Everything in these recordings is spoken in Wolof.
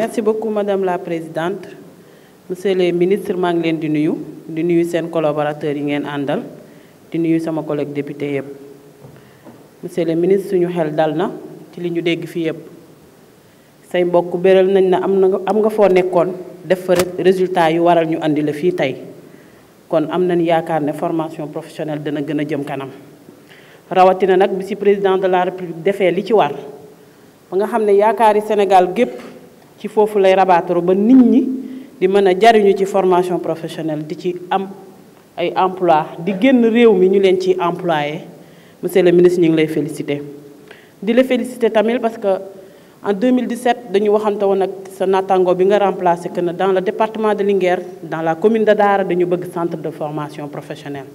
merci beaucoup madame la présidente monsieur le ministre maa ngi leen di nuyu di nuyu seen collaborateurs yi ngeen àndal di nuyu sama collègue député monsieur le ministre suñu xel dal na ci li ñu dégg fii yëpp say mbokk béral nañ na am na am nga foo nekkoon def fa résultat yu waral ñu andi le fi tay kon am nañ yaakaar formation professionnelle dana gëna jëm kanam rawatina nak bi ci président de la république défé li ci war ba nga xamné ne Sénégal gépp ci faut lay les ba nit ñi di mën jariñu ci formation professionnelle di ci am ay emploi di génn réew mi ñu leen ci monsieur le ministre nous ngi lay Nous di félicitons féliciter parce que en 2017 dañu avons sa natango bi nga remplacé que dans le département de Linguère dans la commune de Dara dañu bëgg centre de formation professionnelle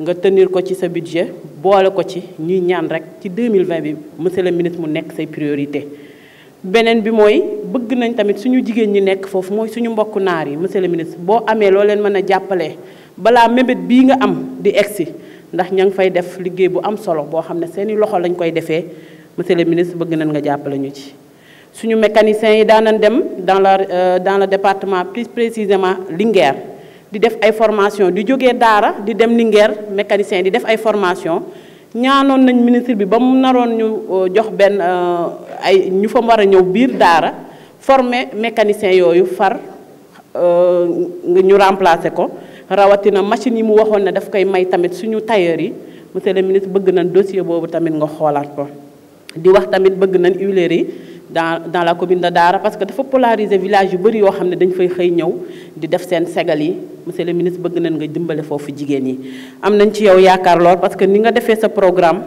nga tenir ko ci sa budget boole ko ci ñuy ñaan rek ci 2020 bi monsieur le ministre mu nekk say priorité beneen bi mooy bëgg nañ tamit suñu jigéen ñi nekk foofu mooy suñu mbokku naar yi monsieur le ministre boo amee loo leen mën a jàppale balaa mébét bii nga am di egsi ndax ña ngi fay def liggéey bu am solo boo xam ne seeni loxo lañ koy defee monsieur le ministre bëgg nañ nga jàppale ñu ci. suñu mécaniciens yi daan nañ dem dans la euh, dans le département plus précisément Linguère di def ay formation di jógee Daara di dem Linguère mécaniciens di def ay formation ñaanoon nañ ministre bi ba mu naroon ñu euh, jox benn euh, ay ñu fa war a ñëw biir daara former mécanicien yooyu far euh, ñu remplacer ko rawatina machine yi mu waxoon ne daf koy may tamit suñu tailleur yi monsieur le ministre bëgg nañ dossier boobu tamit nga xoolaat ko di wax tamit bëgg nañ huiliers yi dans dans la commune de Dara parce que dafa polariser village yu bëri yo xam dañ fay xey ñew di def sen ségal yi monsieur le ministre bëgg nañ nga dimbalé fofu jigéen yi. am nañ ci yow yaakaar lool parce que ni nga défé sa programme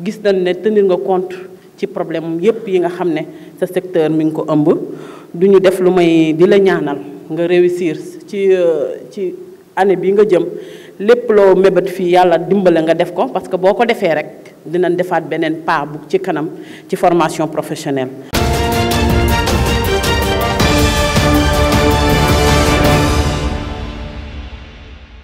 gis nañ né tenir nga compte ci problème yépp yi nga xam sa secteur mi ngi ko ëmb du ñu def lu may di la ñaanal nga réussir ci euh, ci année bi nga jëm lépp loo mébét fii yàlla dimbale nga def ko parce que boo ko defee rek dinañ defaat beneen pas bu ci kanam ci formation professionnelle